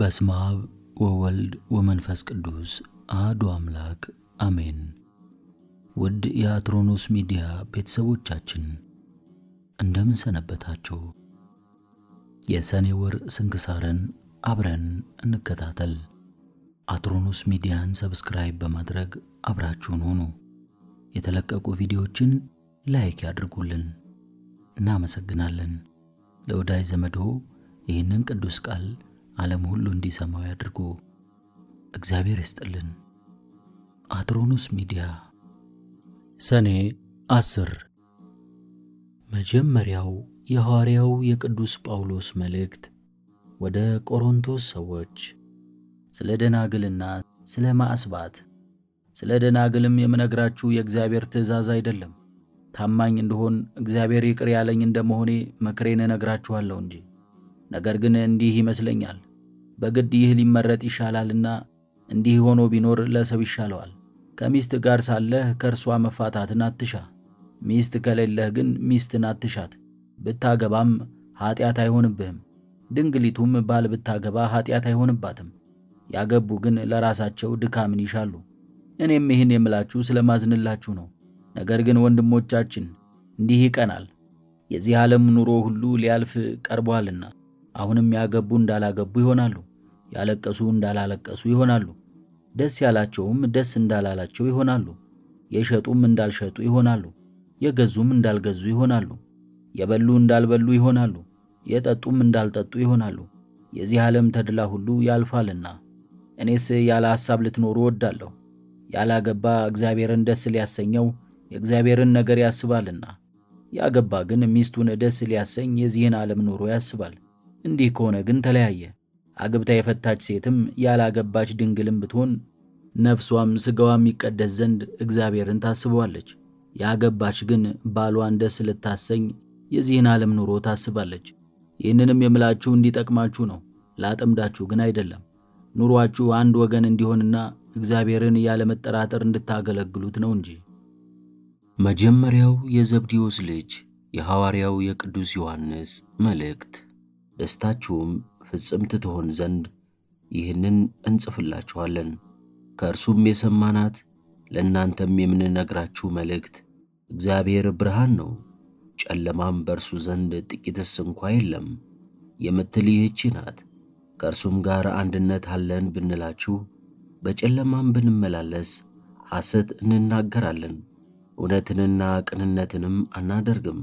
በስመ አብ ወወልድ ወመንፈስ ቅዱስ አሐዱ አምላክ አሜን። ውድ የአትሮኖስ ሚዲያ ቤተሰቦቻችን እንደምን ሰነበታችሁ? የሰኔ ወር ስንክሳርን አብረን እንከታተል። አትሮኖስ ሚዲያን ሰብስክራይብ በማድረግ አብራችሁን ሁኑ። የተለቀቁ ቪዲዮዎችን ላይክ ያድርጉልን። እናመሰግናለን። ለወዳጅ ዘመዶ ይህንን ቅዱስ ቃል ዓለም ሁሉ እንዲሰማው ያድርጉ። እግዚአብሔር ይስጥልን። አትሮኖስ ሚዲያ ሰኔ አስር መጀመሪያው የሐዋርያው የቅዱስ ጳውሎስ መልእክት ወደ ቆሮንቶስ ሰዎች ስለ ደናግልና ስለ ማዕስባት ስለ ደናግልም የምነግራችሁ የእግዚአብሔር ትእዛዝ አይደለም፣ ታማኝ እንደሆን እግዚአብሔር ይቅር ያለኝ እንደመሆኔ መክሬን እነግራችኋለሁ እንጂ። ነገር ግን እንዲህ ይመስለኛል በግድ ይህ ሊመረጥ ይሻላልና እንዲህ ሆኖ ቢኖር ለሰው ይሻለዋል። ከሚስት ጋር ሳለህ ከእርሷ መፋታትን አትሻ። ሚስት ከሌለህ ግን ሚስትን አትሻት። ብታገባም ኀጢአት አይሆንብህም። ድንግሊቱም ባል ብታገባ ኀጢአት አይሆንባትም። ያገቡ ግን ለራሳቸው ድካምን ይሻሉ። እኔም ይህን የምላችሁ ስለማዝንላችሁ ነው። ነገር ግን ወንድሞቻችን እንዲህ ይቀናል፣ የዚህ ዓለም ኑሮ ሁሉ ሊያልፍ ቀርቧልና፣ አሁንም ያገቡ እንዳላገቡ ይሆናሉ። ያለቀሱ እንዳላለቀሱ ይሆናሉ። ደስ ያላቸውም ደስ እንዳላላቸው ይሆናሉ። የሸጡም እንዳልሸጡ ይሆናሉ። የገዙም እንዳልገዙ ይሆናሉ። የበሉ እንዳልበሉ ይሆናሉ። የጠጡም እንዳልጠጡ ይሆናሉ። የዚህ ዓለም ተድላ ሁሉ ያልፋልና። እኔስ ያለ ሐሳብ ልትኖሩ እወዳለሁ። ያላገባ እግዚአብሔርን ደስ ሊያሰኘው የእግዚአብሔርን ነገር ያስባልና፣ ያገባ ግን ሚስቱን ደስ ሊያሰኝ የዚህን ዓለም ኑሮ ያስባል። እንዲህ ከሆነ ግን ተለያየ። አግብታ የፈታች ሴትም ያላገባች ድንግልም ብትሆን ነፍሷም ስጋዋ የሚቀደስ ዘንድ እግዚአብሔርን ታስበዋለች። ያገባች ግን ባሏን ደስ ልታሰኝ የዚህን ዓለም ኑሮ ታስባለች። ይህንንም የምላችሁ እንዲጠቅማችሁ ነው፣ ላጠምዳችሁ ግን አይደለም። ኑሯችሁ አንድ ወገን እንዲሆንና እግዚአብሔርን ያለመጠራጠር እንድታገለግሉት ነው እንጂ። መጀመሪያው የዘብዴዎስ ልጅ የሐዋርያው የቅዱስ ዮሐንስ መልእክት። ደስታችሁም ፍጽምት ትሆን ዘንድ ይህንን እንጽፍላችኋለን። ከእርሱም የሰማናት ለእናንተም የምንነግራችሁ መልእክት እግዚአብሔር ብርሃን ነው፣ ጨለማም በእርሱ ዘንድ ጥቂትስ እንኳ የለም የምትል ይህች ናት። ከእርሱም ጋር አንድነት አለን ብንላችሁ በጨለማም ብንመላለስ ሐሰት እንናገራለን፣ እውነትንና ቅንነትንም አናደርግም።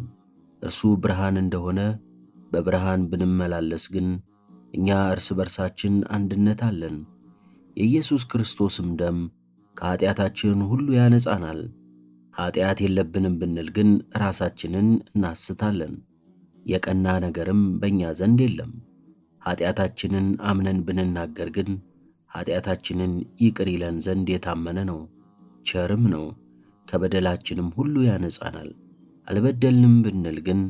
እርሱ ብርሃን እንደሆነ በብርሃን ብንመላለስ ግን እኛ እርስ በርሳችን አንድነት አለን። የኢየሱስ ክርስቶስም ደም ከኀጢአታችን ሁሉ ያነጻናል። ኀጢአት የለብንም ብንል ግን ራሳችንን እናስታለን፣ የቀና ነገርም በእኛ ዘንድ የለም። ኀጢአታችንን አምነን ብንናገር ግን ኀጢአታችንን ይቅር ይለን ዘንድ የታመነ ነው፣ ቸርም ነው፣ ከበደላችንም ሁሉ ያነጻናል። አልበደልንም ብንል ግን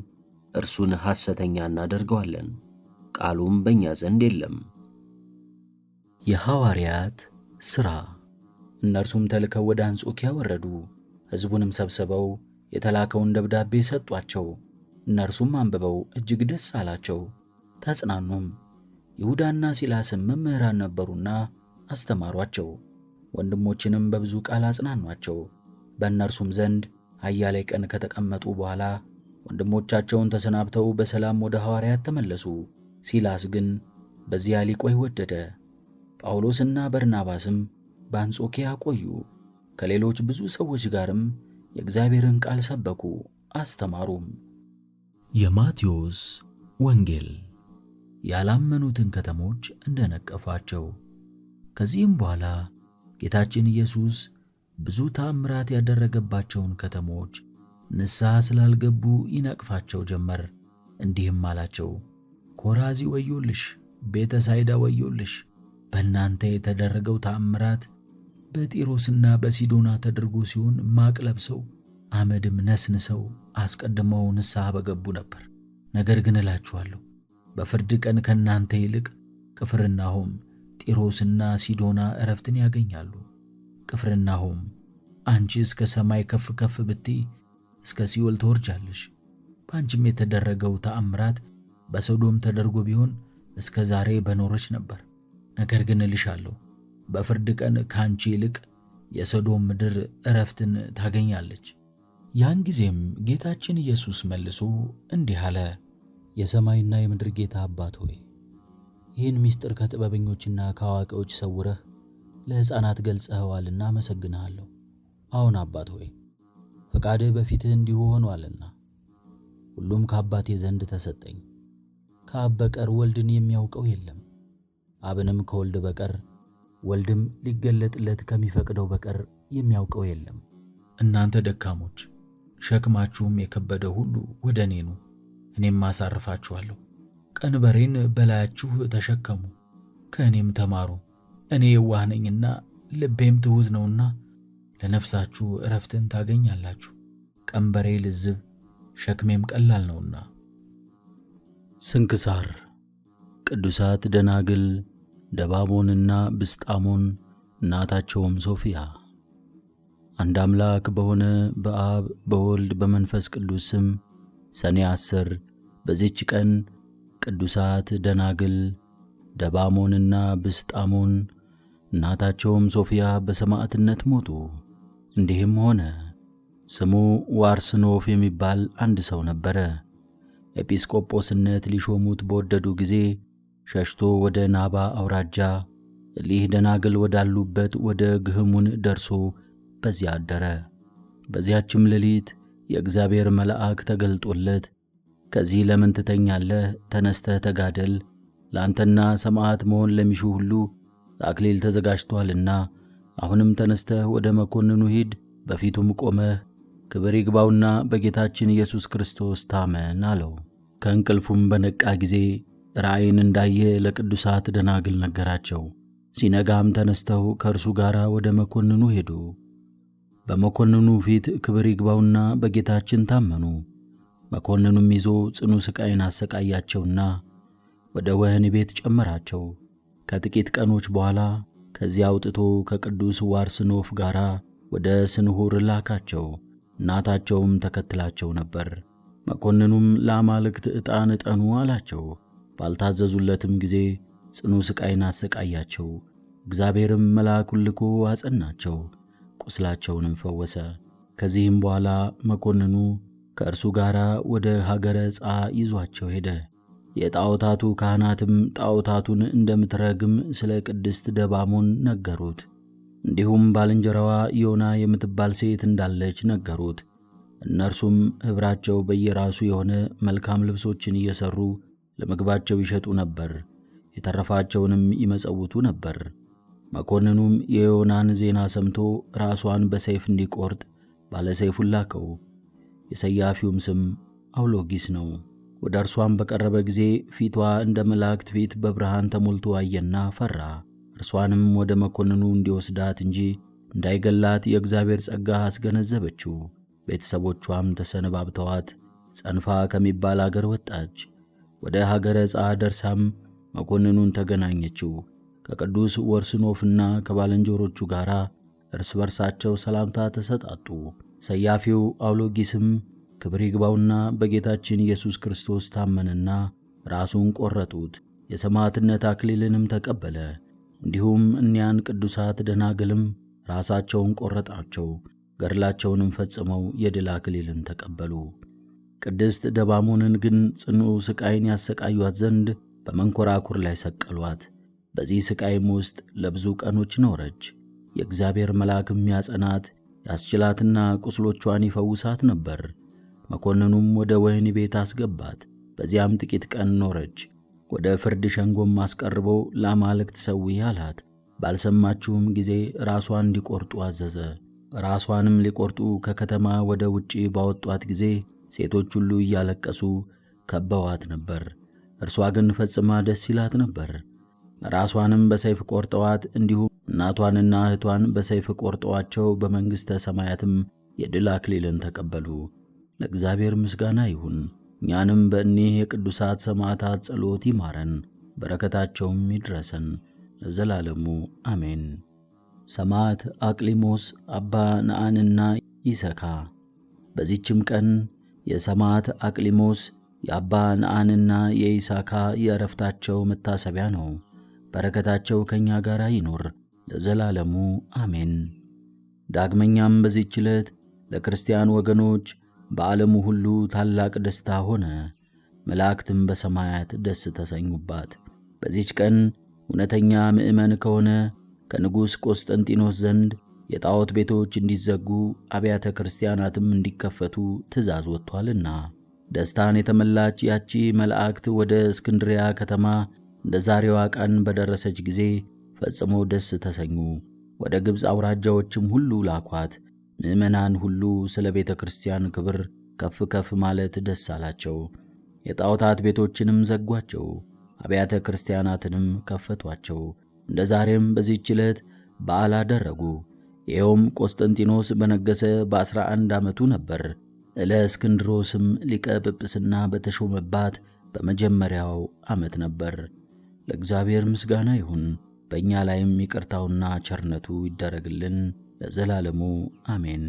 እርሱን ሐሰተኛ እናደርገዋለን ቃሉም በእኛ ዘንድ የለም። የሐዋርያት ሥራ። እነርሱም ተልከው ወደ አንጾኪያ ወረዱ። ሕዝቡንም ሰብስበው የተላከውን ደብዳቤ ሰጧቸው። እነርሱም አንብበው እጅግ ደስ አላቸው፣ ተጽናኑም። ይሁዳና ሲላስም መምህራን ነበሩና አስተማሯቸው። ወንድሞችንም በብዙ ቃል አጽናኗቸው። በእነርሱም ዘንድ አያሌ ቀን ከተቀመጡ በኋላ ወንድሞቻቸውን ተሰናብተው በሰላም ወደ ሐዋርያት ተመለሱ። ሲላስ ግን በዚያ ሊቆይ ወደደ። ጳውሎስና በርናባስም በአንጾኪያ ቆዩ። ከሌሎች ብዙ ሰዎች ጋርም የእግዚአብሔርን ቃል ሰበኩ፣ አስተማሩም። የማቴዎስ ወንጌል ያላመኑትን ከተሞች እንደነቀፋቸው። ከዚህም በኋላ ጌታችን ኢየሱስ ብዙ ታምራት ያደረገባቸውን ከተሞች ንስሐ ስላልገቡ ይነቅፋቸው ጀመር። እንዲህም አላቸው ኮራዚ ወዮልሽ፣ ቤተ ሳይዳ ወዮልሽ! በእናንተ የተደረገው ተአምራት በጢሮስና በሲዶና ተደርጎ ሲሆን ማቅ ለብሰው አመድም ነስንሰው አስቀድመው ንስሐ በገቡ ነበር። ነገር ግን እላችኋለሁ በፍርድ ቀን ከእናንተ ይልቅ ቅፍርናሆም፣ ጢሮስና ሲዶና እረፍትን ያገኛሉ። ቅፍርናሆም አንቺ እስከ ሰማይ ከፍ ከፍ ብትይ እስከ ሲኦል ትወርጃለሽ። በአንቺም የተደረገው ተአምራት በሶዶም ተደርጎ ቢሆን እስከ ዛሬ በኖረች ነበር። ነገር ግን እልሻለሁ በፍርድ ቀን ከአንቺ ይልቅ የሶዶም ምድር እረፍትን ታገኛለች። ያን ጊዜም ጌታችን ኢየሱስ መልሶ እንዲህ አለ፣ የሰማይና የምድር ጌታ አባት ሆይ ይህን ምስጢር ከጥበበኞችና ከአዋቂዎች ሰውረህ ለሕፃናት ገልጸኸዋልና አመሰግንሃለሁ። አሁን አባት ሆይ ፈቃድህ በፊትህ እንዲሁ ሆኗልና ሁሉም ከአባቴ ዘንድ ተሰጠኝ። ከአብ በቀር ወልድን የሚያውቀው የለም፣ አብንም ከወልድ በቀር ወልድም ሊገለጥለት ከሚፈቅደው በቀር የሚያውቀው የለም። እናንተ ደካሞች ሸክማችሁም የከበደ ሁሉ ወደ እኔ ኑ፣ እኔም አሳርፋችኋለሁ። ቀንበሬን በላያችሁ ተሸከሙ፣ ከእኔም ተማሩ፣ እኔ የዋህ ነኝና ልቤም ትሑት ነውና ለነፍሳችሁ እረፍትን ታገኛላችሁ። ቀንበሬ ልዝብ ሸክሜም ቀላል ነውና ስንክሳር ቅዱሳት ደናግል ደባቦንና ብስጣሞን እናታቸውም ሶፊያ። አንድ አምላክ በሆነ በአብ በወልድ በመንፈስ ቅዱስ ስም ሰኔ አስር በዚች ቀን ቅዱሳት ደናግል ደባሞንና ብስጣሞን እናታቸውም ሶፊያ በሰማዕትነት ሞቱ። እንዲህም ሆነ፣ ስሙ ዋርስኖፍ የሚባል አንድ ሰው ነበረ። ኤጲስቆጶስነት ሊሾሙት በወደዱ ጊዜ ሸሽቶ ወደ ናባ አውራጃ እሊህ ደናግል ወዳሉበት ወደ ግህሙን ደርሶ በዚያ አደረ። በዚያችም ሌሊት የእግዚአብሔር መልአክ ተገልጦለት ከዚህ ለምን ትተኛለህ? ተነስተህ ተጋደል፣ ለአንተና ሰማዕት መሆን ለሚሹ ሁሉ አክሊል ተዘጋጅቷልና፣ አሁንም ተነስተህ ወደ መኮንኑ ሂድ፣ በፊቱም ቆመህ ክብር ይግባውና በጌታችን ኢየሱስ ክርስቶስ ታመን አለው። ከእንቅልፉም በነቃ ጊዜ ራእይን እንዳየ ለቅዱሳት ደናግል ነገራቸው። ሲነጋም ተነስተው ከእርሱ ጋር ወደ መኮንኑ ሄዱ። በመኮንኑ ፊት ክብር ይግባውና በጌታችን ታመኑ። መኮንኑም ይዞ ጽኑ ሥቃይን አሰቃያቸውና ወደ ወህኒ ቤት ጨመራቸው። ከጥቂት ቀኖች በኋላ ከዚያ አውጥቶ ከቅዱስ ዋርስኖፍ ጋር ወደ ስንሁር ላካቸው። እናታቸውም ተከትላቸው ነበር። መኮንኑም ለአማልክት ዕጣን እጠኑ አላቸው። ባልታዘዙለትም ጊዜ ጽኑ ሥቃይን አሰቃያቸው። እግዚአብሔርም መልአኩን ልኮ አጸናቸው፣ ቁስላቸውንም ፈወሰ። ከዚህም በኋላ መኮንኑ ከእርሱ ጋር ወደ ሀገረ ጻ ይዟቸው ሄደ። የጣዖታቱ ካህናትም ጣዖታቱን እንደምትረግም ስለ ቅድስት ደባሞን ነገሩት። እንዲሁም ባልንጀራዋ ዮና የምትባል ሴት እንዳለች ነገሩት። እነርሱም ኅብራቸው በየራሱ የሆነ መልካም ልብሶችን እየሠሩ ለምግባቸው ይሸጡ ነበር፣ የተረፋቸውንም ይመጸውቱ ነበር። መኮንኑም የዮናን ዜና ሰምቶ ራሷን በሰይፍ እንዲቆርጥ ባለሰይፉን ላከው። የሰያፊውም ስም አውሎጊስ ነው። ወደ እርሷም በቀረበ ጊዜ ፊቷ እንደ መላእክት ፊት በብርሃን ተሞልቶ አየና ፈራ። እርሷንም ወደ መኮንኑ እንዲወስዳት እንጂ እንዳይገላት የእግዚአብሔር ጸጋ አስገነዘበችው። ቤተሰቦቿም ተሰነባብተዋት ጸንፋ ከሚባል አገር ወጣች። ወደ ሀገረ ጻ ደርሳም መኮንኑን ተገናኘችው። ከቅዱስ ወርስኖፍና ከባልንጀሮቹ ጋር እርስ በርሳቸው ሰላምታ ተሰጣጡ። ሰያፊው አውሎጊስም ክብር ይግባውና በጌታችን ኢየሱስ ክርስቶስ ታመነና ራሱን ቆረጡት። የሰማዕትነት አክሊልንም ተቀበለ። እንዲሁም እኒያን ቅዱሳት ደናግልም ራሳቸውን ቆረጣቸው፣ ገድላቸውንም ፈጽመው የድል አክሊልን ተቀበሉ። ቅድስት ደባሞንን ግን ጽኑ ሥቃይን ያሰቃዩት ዘንድ በመንኰራኩር ላይ ሰቀሏት። በዚህ ሥቃይም ውስጥ ለብዙ ቀኖች ኖረች። የእግዚአብሔር መልአክም ያጸናት ያስችላትና ቁስሎቿን ይፈውሳት ነበር። መኮንኑም ወደ ወህኒ ቤት አስገባት። በዚያም ጥቂት ቀን ኖረች። ወደ ፍርድ ሸንጎም አስቀርቦ ለአማልክት ሰዊ አላት። ባልሰማችሁም ጊዜ ራሷን እንዲቆርጡ አዘዘ። ራሷንም ሊቆርጡ ከከተማ ወደ ውጪ ባወጧት ጊዜ ሴቶች ሁሉ እያለቀሱ ከበዋት ነበር። እርሷ ግን ፈጽማ ደስ ይላት ነበር። ራሷንም በሰይፍ ቆርጠዋት፣ እንዲሁም እናቷንና እህቷን በሰይፍ ቆርጠዋቸው በመንግሥተ ሰማያትም የድል አክሊልን ተቀበሉ። ለእግዚአብሔር ምስጋና ይሁን። እኛንም በእኒህ የቅዱሳት ሰማዕታት ጸሎት ይማረን፣ በረከታቸውም ይድረሰን ለዘላለሙ አሜን። ሰማዕት አቅሊሞስ፣ አባ ነአንና ይሰካ። በዚችም ቀን የሰማዕት አቅሊሞስ የአባ ነአንና የይሳካ የእረፍታቸው መታሰቢያ ነው። በረከታቸው ከእኛ ጋር ይኑር ለዘላለሙ አሜን። ዳግመኛም በዚች ዕለት ለክርስቲያን ወገኖች በዓለሙ ሁሉ ታላቅ ደስታ ሆነ። መላእክትም በሰማያት ደስ ተሰኙባት። በዚች ቀን እውነተኛ ምዕመን ከሆነ ከንጉሥ ቆስጠንጢኖስ ዘንድ የጣዖት ቤቶች እንዲዘጉ አብያተ ክርስቲያናትም እንዲከፈቱ ትእዛዝ ወጥቷልና ደስታን የተመላች ያቺ መላእክት ወደ እስክንድሪያ ከተማ እንደ ዛሬዋ ቀን በደረሰች ጊዜ ፈጽሞ ደስ ተሰኙ። ወደ ግብፅ አውራጃዎችም ሁሉ ላኳት። ምዕመናን ሁሉ ስለ ቤተ ክርስቲያን ክብር ከፍ ከፍ ማለት ደስ አላቸው። የጣዖታት ቤቶችንም ዘጓቸው፣ አብያተ ክርስቲያናትንም ከፈቷቸው። እንደ ዛሬም በዚህች ዕለት በዓል አደረጉ። ይኸውም ቆስጠንጢኖስ በነገሰ በአስራ አንድ ዓመቱ ነበር። እለ እስክንድሮስም ሊቀ ጵጵስና በተሾመባት በመጀመሪያው ዓመት ነበር። ለእግዚአብሔር ምስጋና ይሁን፣ በእኛ ላይም ይቅርታውና ቸርነቱ ይደረግልን ለዘላለሙ አሜን።